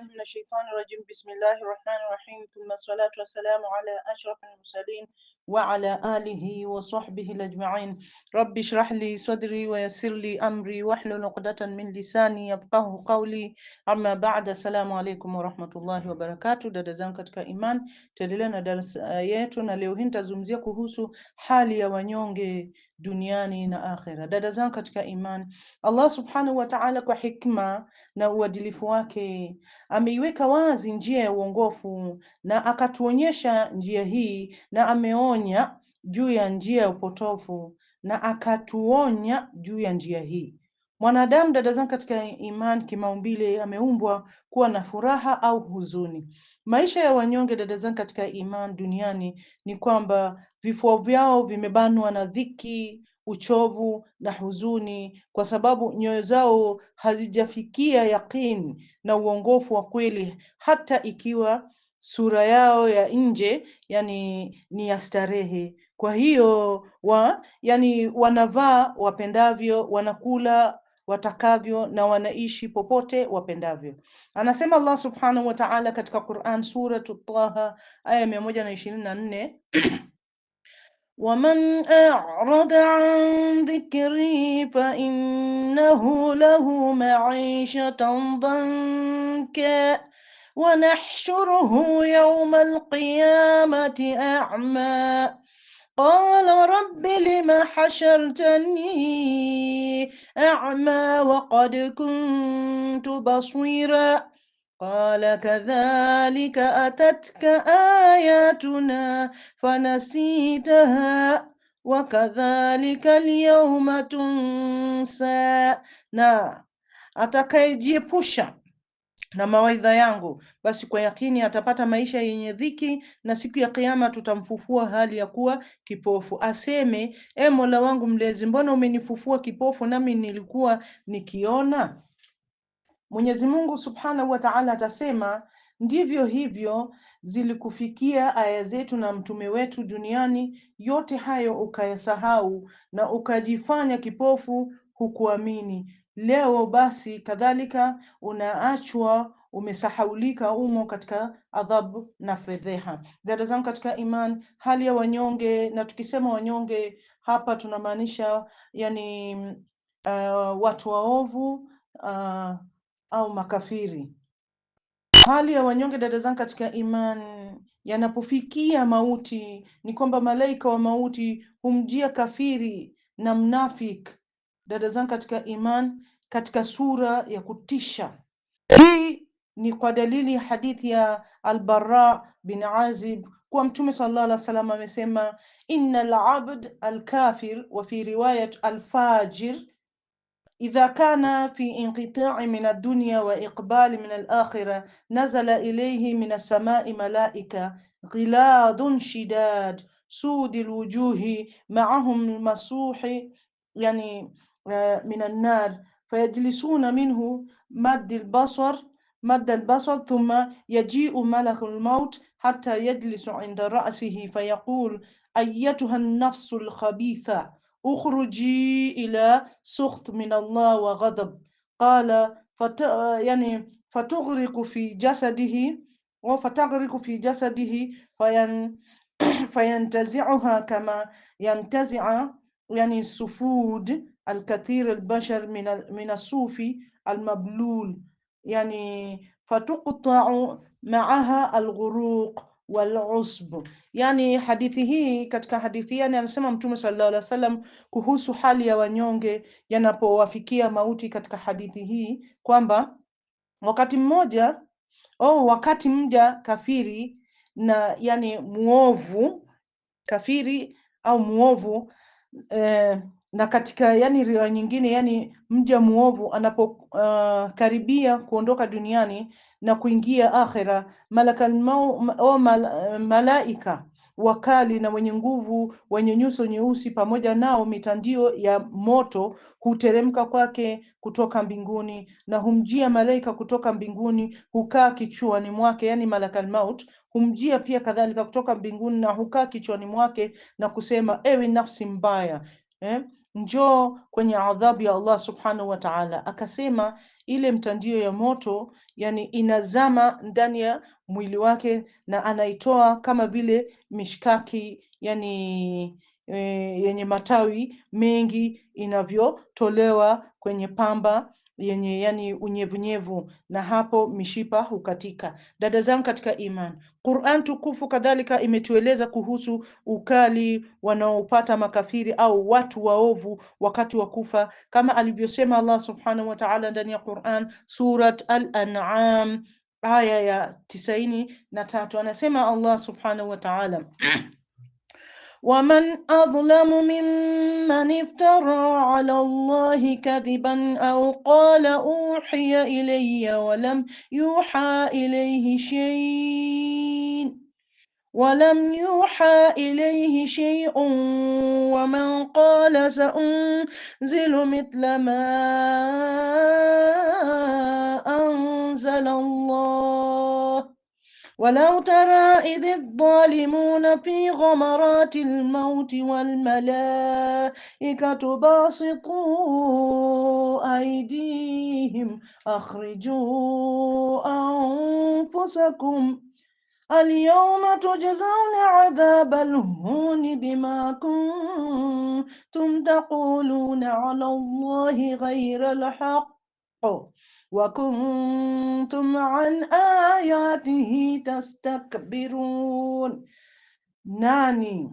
بالله من الشيطان الرجيم بسم الله الرحمن الرحيم ثم الصلاة والسلام على أشرف المرسلين وعلى آله وصحبه الأجمعين رب ajma'in. لي صدري ويسر sadri أمري yassir li amri لساني uqdatan قولي lisani بعد السلام عليكم ورحمة الله وبركاته دادا rahmatullahi كتك إيمان تدلنا درس آياتنا leo hii nitazungumzia kuhusu hali ya wanyonge duniani na akhera. Dada zangu katika iman, Allah subhanahu wa ta'ala kwa hikma na uadilifu wake ameiweka wazi njia ya uongofu na akatuonyesha njia hii na akatuonya juu ya njia ya upotofu na akatuonya juu ya njia hii. Mwanadamu dada zangu katika imani, kimaumbile ameumbwa kuwa na furaha au huzuni. Maisha ya wanyonge dada zangu katika imani duniani ni kwamba vifua vyao vimebanwa na dhiki, uchovu na huzuni, kwa sababu nyoyo zao hazijafikia yaqini na uongofu wa kweli, hata ikiwa sura yao ya nje yani ni ya starehe. Kwa hiyo wa yani wanavaa wapendavyo, wanakula watakavyo na wanaishi popote wapendavyo. Anasema Allah subhanahu wa ta'ala katika Quran suratu Taha aya mia moja na ishirini na nne waman a'rada an dhikri fa innahu lahu ma'ishatan dhanka ونحشره يوم القيامة أعمى قال رب لم حشرتني أعمى وقد كنت بصيرا قال كذلك أتتك آياتنا فنسيتها وكذلك اليوم تنسى نعم. أتكي جيبوشا na mawaidha yangu, basi kwa yakini atapata maisha yenye dhiki, na siku ya Kiyama tutamfufua hali ya kuwa kipofu. Aseme, e Mola wangu Mlezi, mbona umenifufua kipofu nami nilikuwa nikiona? Mwenyezi Mungu Subhanahu wa Ta'ala atasema Ndivyo hivyo zilikufikia aya zetu na mtume wetu duniani, yote hayo ukayasahau na ukajifanya kipofu, hukuamini. Leo basi kadhalika unaachwa umesahaulika umo katika adhabu na fedheha. Dada zangu katika iman, hali ya wanyonge, na tukisema wanyonge hapa tunamaanisha yani uh, watu waovu uh, au makafiri. Hali ya wanyonge, dada zangu katika iman, yanapofikia mauti ni kwamba malaika wa mauti humjia kafiri na mnafik dada zangu katika iman, katika sura ya kutisha. Hii ni kwa dalili ya hadithi ya Albara bin Azib kuwa Mtume sallallahu alaihi wasallam amesema, inna al-abd al-kafir wa fi riwayat al-fajir idha kana fi inqita'i min ad-dunya wa iqbali min al-akhirah nazala ilayhi min as malaika ghiladun shidad sudi al ma'ahum masuhi yani آه، من النار فيجلسون منه مد البصر مد البصر ثم يجيء ملك الموت حتى يجلس عند رأسه فيقول أيتها النفس الخبيثة أخرجي إلى سخط من الله وغضب قال فت... يعني فتغرق في جسده وفتغرق في جسده فين... فينتزعها كما ينتزع يعني السفود alkathir albashar min asufi almablul, yani fatuqtau maaha alghuruq walusb. Yani hadithi hii, katika hadithi yani anasema Mtume sallallahu alaihi wasallam kuhusu hali ya wanyonge yanapowafikia mauti, katika hadithi hii kwamba wakati mmoja oh, wakati mja kafiri na yani muovu kafiri au muovu eh, na katika yani riwaya nyingine yani mja muovu anapokaribia uh, kuondoka duniani na kuingia akhera, malakal mal, malaika wakali na wenye nguvu wenye nyuso nyeusi, pamoja nao mitandio ya moto huteremka kwake kutoka mbinguni, na humjia malaika kutoka mbinguni, hukaa kichwani mwake, yani malakal maut humjia pia kadhalika kutoka mbinguni na hukaa kichwani mwake na kusema, ewe nafsi mbaya eh? njoo kwenye adhabu ya Allah subhanahu wa ta'ala. Akasema ile mtandio ya moto yani inazama ndani ya mwili wake na anaitoa kama vile mishkaki yani e, yenye matawi mengi inavyotolewa kwenye pamba yenye yani unyevunyevu, na hapo mishipa hukatika. Dada zangu katika iman Qur'an tukufu kadhalika imetueleza kuhusu ukali wanaopata makafiri au watu waovu wakati wa kufa, kama alivyosema Allah subhanahu wa ta'ala ndani ya Qur'an, Surat Al-An'am aya ya tisaini na tatu, anasema Allah subhanahu wa ta'ala ومن أظلم ممن افترى على الله كذبا أو قال أوحي إلي ولم يوحى إليه شيء ولم يوحى إليه شيء ومن قال سأنزل مثل ما أنزل الله ولو ترى إذ الظالمون في غمرات الموت والملائكة باسطوا أيديهم أخرجوا أنفسكم اليوم تجزون عذاب الهون بما كنتم تقولون على الله غير الحق وكنتم عن آياته تستكبرون nani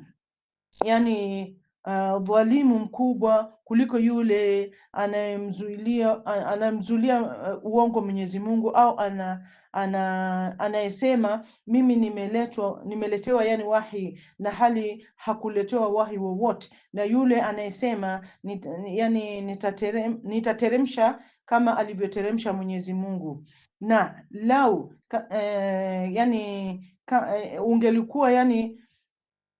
yani uh, dhalimu mkubwa kuliko yule anayemzuilia anayemzulia uh, uongo Mwenyezi Mungu au ana ana anayesema mimi nimeletwa nimeletewa yani wahi na hali hakuletewa wahi wowote, na yule anayesema nit, yani nitaterem, nitateremsha kama alivyoteremsha Mwenyezi Mungu na lau ka, e, yani ka, e, ungelikuwa yani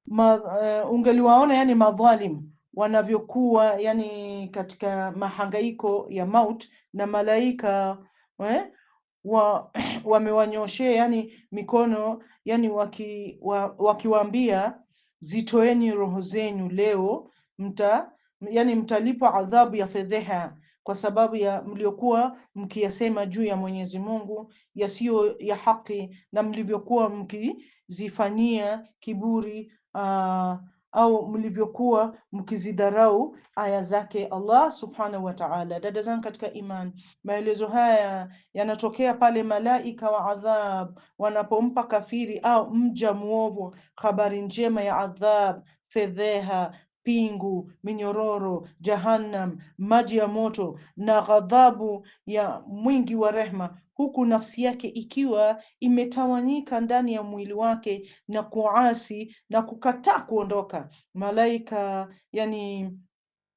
ma, e, ungeliwaona yani madhalim wanavyokuwa yani katika mahangaiko ya maut na malaika we, wa wamewanyoshea yani mikono yani waki, wa, wakiwaambia zitoeni roho zenu leo mta yani mtalipwa adhabu ya fedheha kwa sababu ya mliokuwa mkiyasema juu ya Mwenyezi Mungu yasiyo ya haki na mlivyokuwa mkizifanyia kiburi aa, au mlivyokuwa mkizidharau aya zake Allah subhanahu wa ta'ala. Dada zangu katika iman, maelezo haya yanatokea pale malaika wa adhab wanapompa kafiri au mja muovu habari njema ya adhab, fedheha pingu, minyororo, jahannam, maji ya moto na ghadhabu ya mwingi wa rehma, huku nafsi yake ikiwa imetawanyika ndani ya mwili wake na kuasi na kukataa kuondoka. Malaika yani,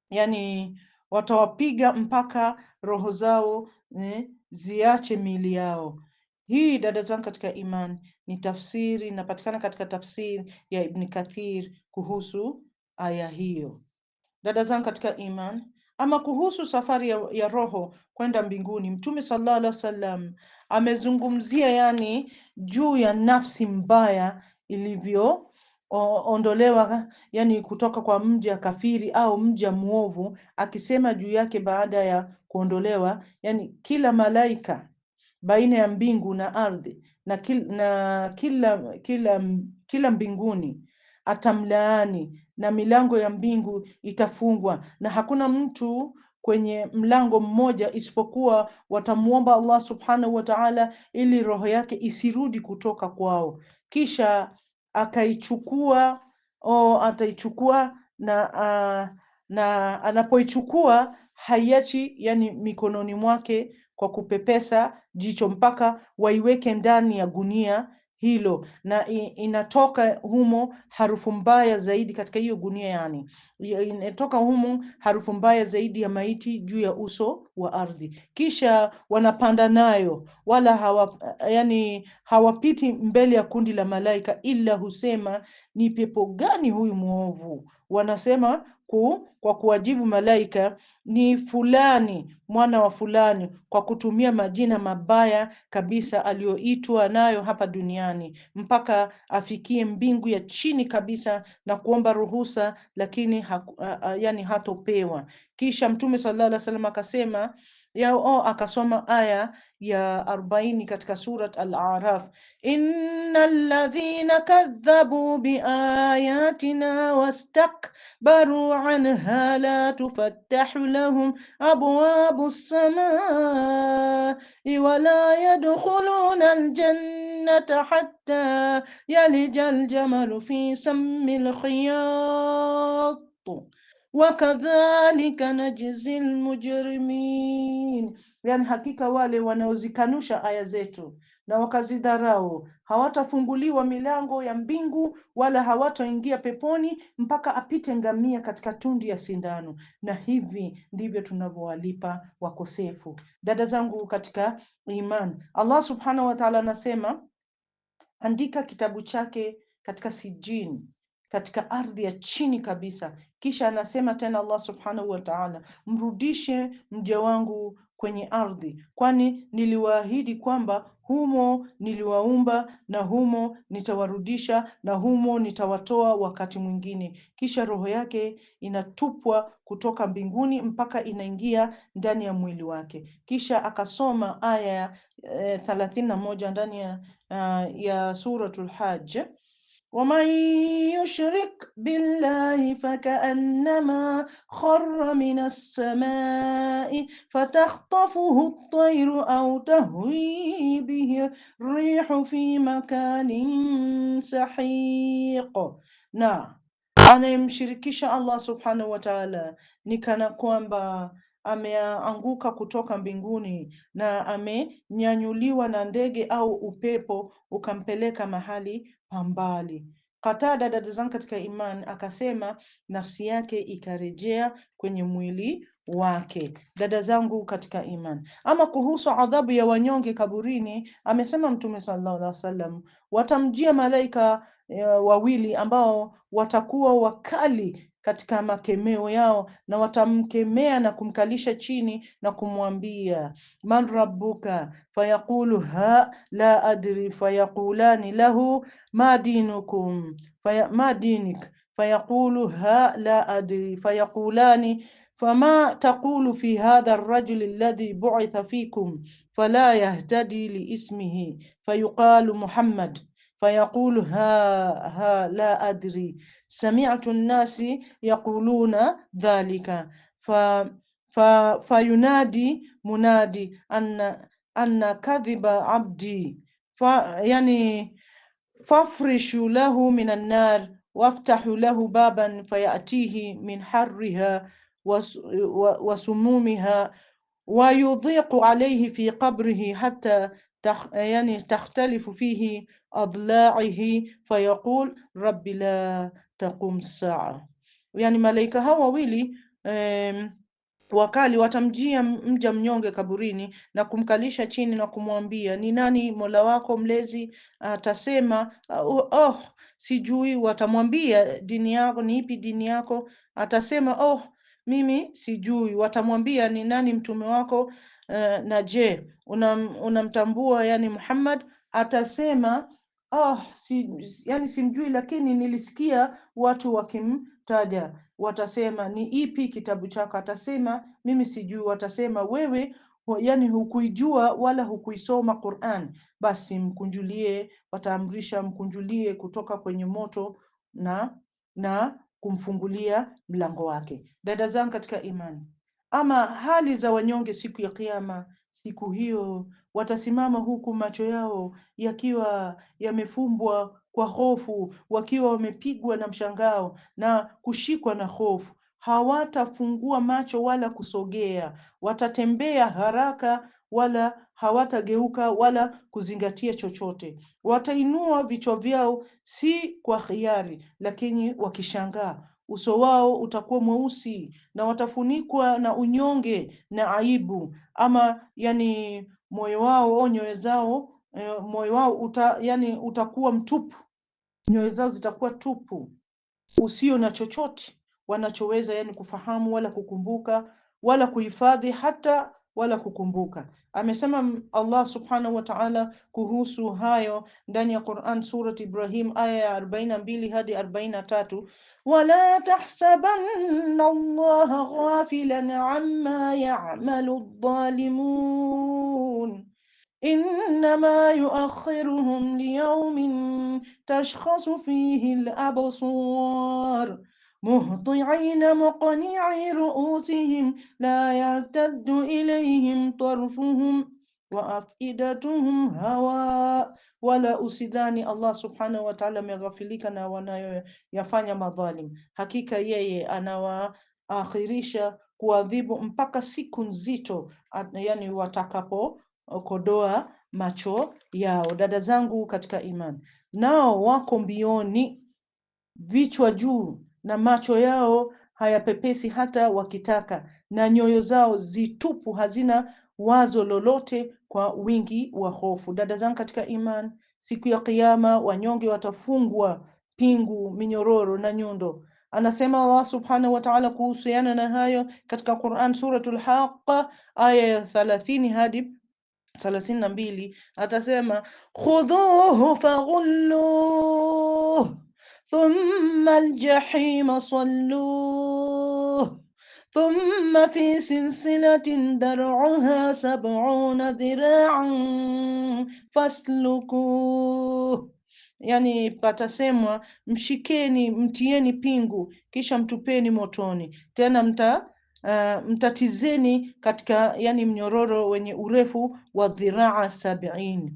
yani watawapiga mpaka roho zao eh, ziache miili yao. Hii dada zangu katika imani ni tafsiri, inapatikana katika tafsiri ya Ibn Kathir kuhusu aya hiyo. Dada zangu katika iman, ama kuhusu safari ya, ya roho kwenda mbinguni, Mtume sallallahu alaihi wasallam amezungumzia yani juu ya nafsi mbaya ilivyo ondolewa yani kutoka kwa mja kafiri au mja mwovu, akisema juu yake baada ya kuondolewa, yani kila malaika baina ya mbingu na ardhi na, kil, na kila, kila, kila mbinguni atamlaani na milango ya mbingu itafungwa na hakuna mtu kwenye mlango mmoja isipokuwa watamwomba Allah subhanahu wa ta'ala, ili roho yake isirudi kutoka kwao. Kisha akaichukua o, ataichukua na a, na anapoichukua haiachi, yani mikononi mwake kwa kupepesa jicho mpaka waiweke ndani ya gunia hilo, na inatoka humo harufu mbaya zaidi katika hiyo gunia, yani inatoka humo harufu mbaya zaidi ya maiti juu ya uso wa ardhi. Kisha wanapanda nayo, wala hawa, yani hawapiti mbele ya kundi la malaika, ila husema ni pepo gani huyu mwovu? Wanasema ku, kwa kuwajibu malaika ni fulani mwana wa fulani, kwa kutumia majina mabaya kabisa aliyoitwa nayo hapa duniani, mpaka afikie mbingu ya chini kabisa na kuomba ruhusa, lakini ha, yani hatopewa. Kisha Mtume sallallahu alaihi wasallam akasema yao akasoma aya ya arobaini katika surat Al-Araf, inna alladhina kadhabu biayatina wastakbaru anha la tufattahu lahum abwabu as-samai wala yadkhuluna al-jannata hatta yalija al-jamalu fi sammi al-khiyat wakadhalika najzi lmujrimin, yani hakika wale wanaozikanusha aya zetu na wakazidharau hawatafunguliwa milango ya mbingu wala hawataingia peponi mpaka apite ngamia katika tundu ya sindano. Na hivi ndivyo tunavyowalipa wakosefu. Dada zangu katika iman, Allah subhanahu wa ta'ala anasema, andika kitabu chake katika sijini katika ardhi ya chini kabisa. Kisha anasema tena Allah subhanahu wa ta'ala, mrudishe mja wangu kwenye ardhi, kwani niliwaahidi kwamba humo niliwaumba na humo nitawarudisha na humo nitawatoa wakati mwingine. Kisha roho yake inatupwa kutoka mbinguni mpaka inaingia ndani ya mwili wake. Kisha akasoma aya ya eh, thalathini na moja ndani ya, ah, ya Suratul Hajj ومن يشرك بالله فكأنما خر من السماء فتخطفه الطير أو تهوي به الريح في مكان سحيق نعم anayemshirikisha Allah subhanahu wa ta'ala ni kana kwamba ameanguka kutoka mbinguni na amenyanyuliwa na ndege au upepo ukampeleka mahali pambali. Katada dada zangu katika iman akasema nafsi yake ikarejea kwenye mwili wake. Dada zangu katika iman, ama kuhusu adhabu ya wanyonge kaburini, amesema Mtume sallallahu alaihi wasallam, watamjia malaika uh, wawili ambao watakuwa wakali katika makemeo yao, na watamkemea na kumkalisha chini na kumwambia man rabbuka, fayaqulu ha la adri, fayaqulani lahu ma dinukum faya, ma dinik fayaqulu ha la adri, fayaqulani fama taqulu fi hadha arrajuli alladhi bu'itha fikum fala yahtadi liismihi fayuqalu Muhammad fayaqulu ha ha la adri سمعت الناس يقولون ذلك ف ف فينادي منادي أن أن كذب عبدي ف يعني فافرشوا له من النار وافتحوا له بابا فيأتيه من حرها وسمومها ويضيق عليه في قبره حتى تخ يعني تختلف فيه أضلاعه فيقول رب لا taqum saa, yani malaika hao wawili um, wakali watamjia mja mnyonge kaburini na kumkalisha chini na kumwambia, ni nani Mola wako mlezi? Atasema uh, oh sijui. Watamwambia, dini yako ni ipi? Dini yako? Atasema oh, mimi sijui. Watamwambia, ni nani mtume wako? Uh, na je, unamtambua? Una yani Muhammad? Atasema oh, si, yani simjui, lakini nilisikia watu wakimtaja. Watasema ni ipi kitabu chako? Atasema mimi sijui. Watasema wewe yani hukuijua wala hukuisoma Qur'an, basi mkunjulie. Wataamrisha mkunjulie kutoka kwenye moto na na kumfungulia mlango wake. Dada zangu katika imani, ama hali za wanyonge siku ya Kiyama Siku hiyo watasimama huku macho yao yakiwa yamefumbwa kwa hofu, wakiwa wamepigwa na mshangao na kushikwa na hofu. Hawatafungua macho wala kusogea, watatembea haraka wala hawatageuka wala kuzingatia chochote. Watainua vichwa vyao si kwa hiari, lakini wakishangaa uso wao utakuwa mweusi na watafunikwa na unyonge na aibu. Ama yani moyo wao au nyoyo zao e, moyo wao uta, yani utakuwa mtupu, nyoyo zao zitakuwa tupu, usio na chochote wanachoweza yani kufahamu wala kukumbuka wala kuhifadhi hata wala kukumbuka. Amesema Allah subhanahu wa ta'ala kuhusu hayo ndani ya Quran Surat Ibrahim aya ya arobaini mbili hadi arobaini tatu wala tahsabanna Allaha ghafilan amma ya'malu dhalimun innama yuakhiruhum liyawmin tashkhasu fihi al-absar مهطعين مقنعي رؤوسهم لا يرتد إليهم طرفهم waafidatuhum hawa wala usidhani Allah subhanahu wa ta'ala ameghafilika na wanayoyafanya madhalim. Hakika yeye anawaakhirisha kuadhibu mpaka siku nzito, yani kodoa macho yao. Dada zangu katika imani, nao wako mbioni, vichwa juu, na macho yao hayapepesi hata wakitaka, na nyoyo zao zitupu, hazina wazo lolote kwa wingi wa hofu. Dada zangu katika iman, siku ya Kiyama wanyonge watafungwa pingu, minyororo na nyundo. Anasema Allah subhanahu wa ta'ala kuhusiana na hayo katika Quran suratul Haqqa aya ya thalathini hadi thalathini na mbili atasema khudhuhu faghulluh ثم الجحيم صلوه ثم fi silsilatin dar'uha sab'una ذراعا فاسلكوه Yani patasemwa mshikeni, mtieni pingu, kisha mtupeni motoni, tena mta uh, mtatizeni katika yani mnyororo wenye urefu wa dhiraa sabiini.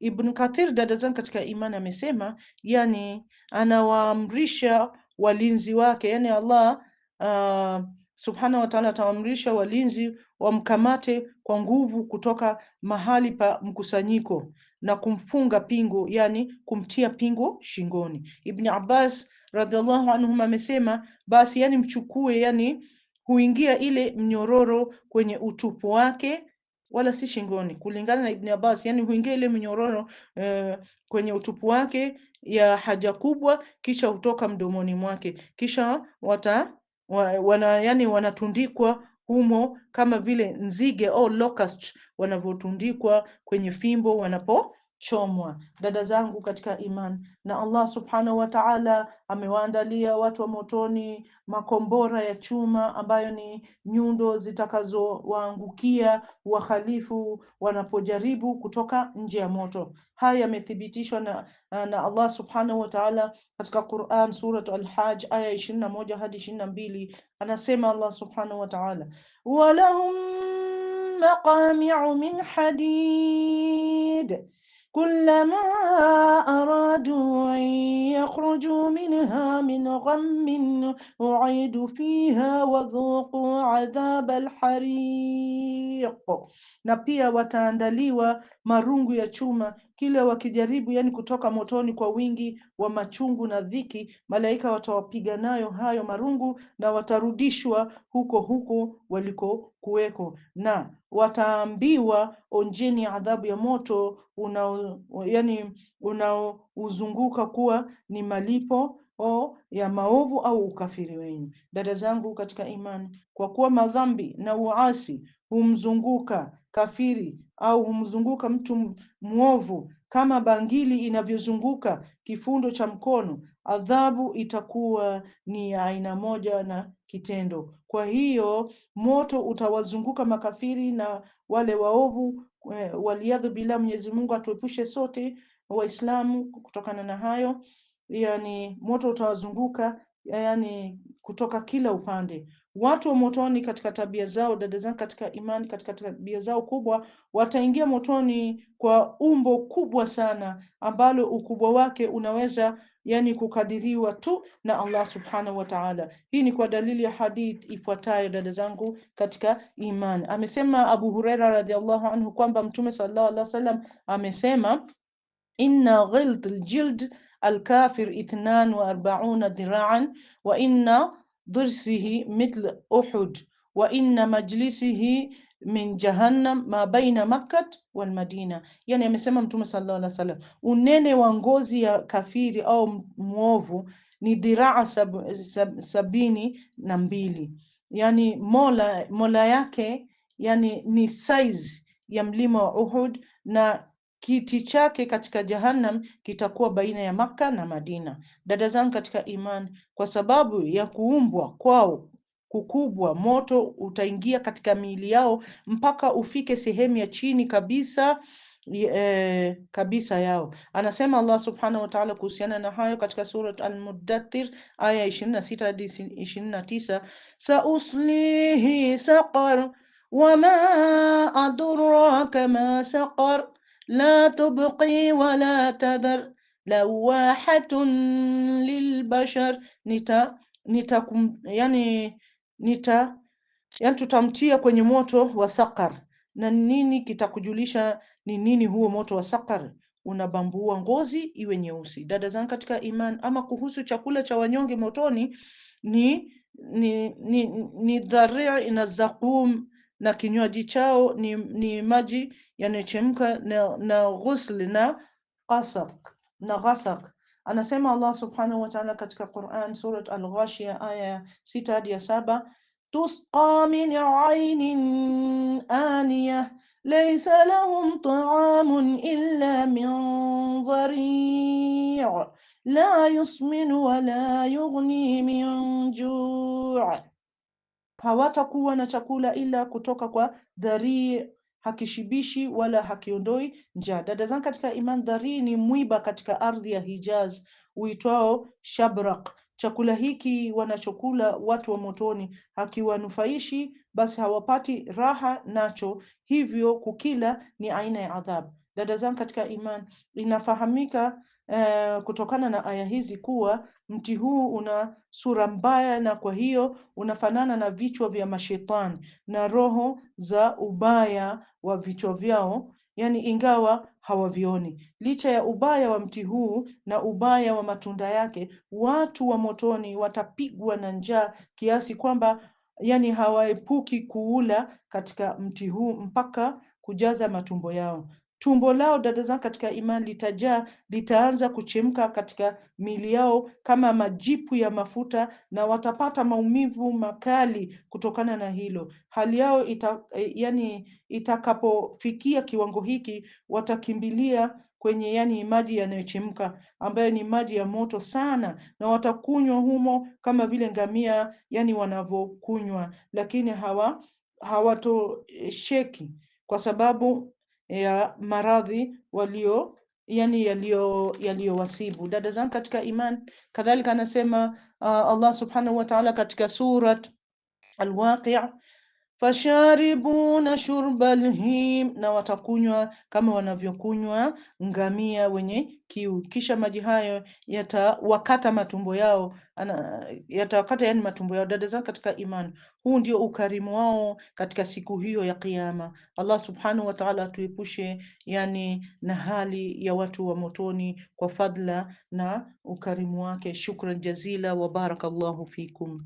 Ibn Kathir dada zangu katika imani amesema, yani anawaamrisha walinzi wake, yani Allah uh, subhanahu wa ta'ala atawaamrisha walinzi wamkamate kwa nguvu kutoka mahali pa mkusanyiko na kumfunga pingu, yani kumtia pingu shingoni. Ibn Abbas radhiallahu anhuma amesema, basi yani mchukue, yani huingia ile mnyororo kwenye utupu wake wala si shingoni, kulingana na Ibn Abbas. Yani huingia ile minyororo e, kwenye utupu wake ya haja kubwa, kisha hutoka mdomoni mwake, kisha wata wa, wana, yani wanatundikwa humo kama vile nzige au locust wanavyotundikwa kwenye fimbo wanapo chomwa dada zangu katika iman na Allah subhanahu wa ta'ala amewaandalia watu wa motoni makombora ya chuma ambayo ni nyundo zitakazowaangukia wahalifu wanapojaribu kutoka nje ya moto. Haya yamethibitishwa na, na Allah subhanahu wa ta'ala katika Quran Surat Al-Hajj aya ishirini na moja hadi ishirini na mbili anasema Allah subhanahu wa ta'ala, walahum maqami'u min hadid كلما أرادوا أن يخرجوا منها من غم أعيدوا فيها وذوقوا عذاب الحريق نبيا وتاندليوا wataandaliwa marungu ya chuma kile wakijaribu, yani kutoka motoni kwa wingi wa machungu na dhiki, malaika watawapiga nayo hayo marungu, na watarudishwa huko huko walikokuweko, na wataambiwa onjeni adhabu ya moto unao yani unaouzunguka kuwa ni malipo o ya maovu au ukafiri wenu. Dada zangu katika imani, kwa kuwa madhambi na uasi humzunguka kafiri au humzunguka mtu mwovu kama bangili inavyozunguka kifundo cha mkono, adhabu itakuwa ni aina moja na kitendo. Kwa hiyo moto utawazunguka makafiri na wale waovu e, waliadhu bila. Mwenyezi Mungu atuepushe sote Waislamu kutokana na hayo, yani moto utawazunguka yani kutoka kila upande. Watu wa motoni katika tabia zao, dada zangu katika imani, katika tabia zao kubwa, wataingia motoni kwa umbo kubwa sana ambalo ukubwa wake unaweza yani kukadiriwa tu na Allah subhanahu wa ta'ala. Hii ni kwa dalili ya hadith ifuatayo, dada zangu katika imani. Amesema Abu Huraira radhiallahu anhu kwamba Mtume sallallahu alaihi wasallam amesema inna ghild aljild Alkafir ithnan wa arbauna dhiraan wa inna dhirsihi mithl Uhud wa inna majlisihi min jahannam ma baina Makkat walmadina Yani amesema Mtume sallallahu alaihi wasallam, unene wa ngozi ya kafiri au mwovu ni dhiraa sab, sab, sabini na mbili. Yani mola mola yake yani ni size ya mlima wa Uhud na Kiti chake katika Jahannam kitakuwa baina ya Makka na Madina. Dada zangu katika iman, kwa sababu ya kuumbwa kwao kukubwa, moto utaingia katika miili yao mpaka ufike sehemu ya chini kabisa E, kabisa yao. Anasema Allah subhanahu wa ta'ala kuhusiana na hayo katika Surat Al-Muddathir aya 26 hadi 29, sauslihi saqar wama adraka ma saqar لا تبقي ولا تذر لواحة lilbashar nita nitakum yani nita yani tutamtia kwenye moto wa sakar. Na nini kitakujulisha ni nini huo moto wa sakar? Unabambua ngozi iwe nyeusi. Dada zangu katika iman, ama kuhusu chakula cha wanyonge motoni ni ni ni, ni dharii na zakum na kinywaji chao ni, ni maji yanayochemka na, na ghusli na ghasak na ghasak. Anasema Allah subhanahu wa ta'ala katika Quran Surat Al-Ghashia aya ya sita hadi ya saba tusqa min ainin aniyah laysa lahum ta'amun illa min dhari' la yusmin wa la yughni min ju' hawatakuwa na chakula ila kutoka kwa dharii, hakishibishi wala hakiondoi njaa. Dada zangu katika iman, dharii ni mwiba katika ardhi ya Hijaz uitwao Shabrak. Chakula hiki wanachokula watu wa motoni hakiwanufaishi, basi hawapati raha nacho, hivyo kukila ni aina ya adhabu. Dada zangu katika iman, inafahamika eh, kutokana na aya hizi kuwa mti huu una sura mbaya, na kwa hiyo unafanana na vichwa vya mashetani na roho za ubaya wa vichwa vyao, yani ingawa hawavioni. Licha ya ubaya wa mti huu na ubaya wa matunda yake, watu wa motoni watapigwa na njaa kiasi kwamba yani hawaepuki kuula katika mti huu mpaka kujaza matumbo yao tumbo lao dada zangu katika imani litajaa, litaanza kuchemka katika miili yao kama majipu ya mafuta, na watapata maumivu makali kutokana na hilo. Hali yao ita, e, yani, itakapofikia kiwango hiki watakimbilia kwenye yani maji yanayochemka ambayo ni maji ya moto sana, na watakunywa humo kama vile ngamia yani wanavyokunywa, lakini hawa hawatosheki kwa sababu ya maradhi walio yani yaliyowasibu dada zangu katika iman. Kadhalika anasema uh, Allah subhanahu wa ta'ala katika surat Alwaqi fasharibuna shurbal him, na watakunywa kama wanavyokunywa ngamia wenye kiu, kisha maji hayo yatawakata matumbo yao, yatawakata yani matumbo yao. Dada zangu katika imani, huu ndio ukarimu wao katika siku hiyo ya Kiyama. Allah subhanahu wa ta'ala atuepushe yani na hali ya watu wa motoni kwa fadla na ukarimu wake. Shukran jazila wa barakallahu fikum.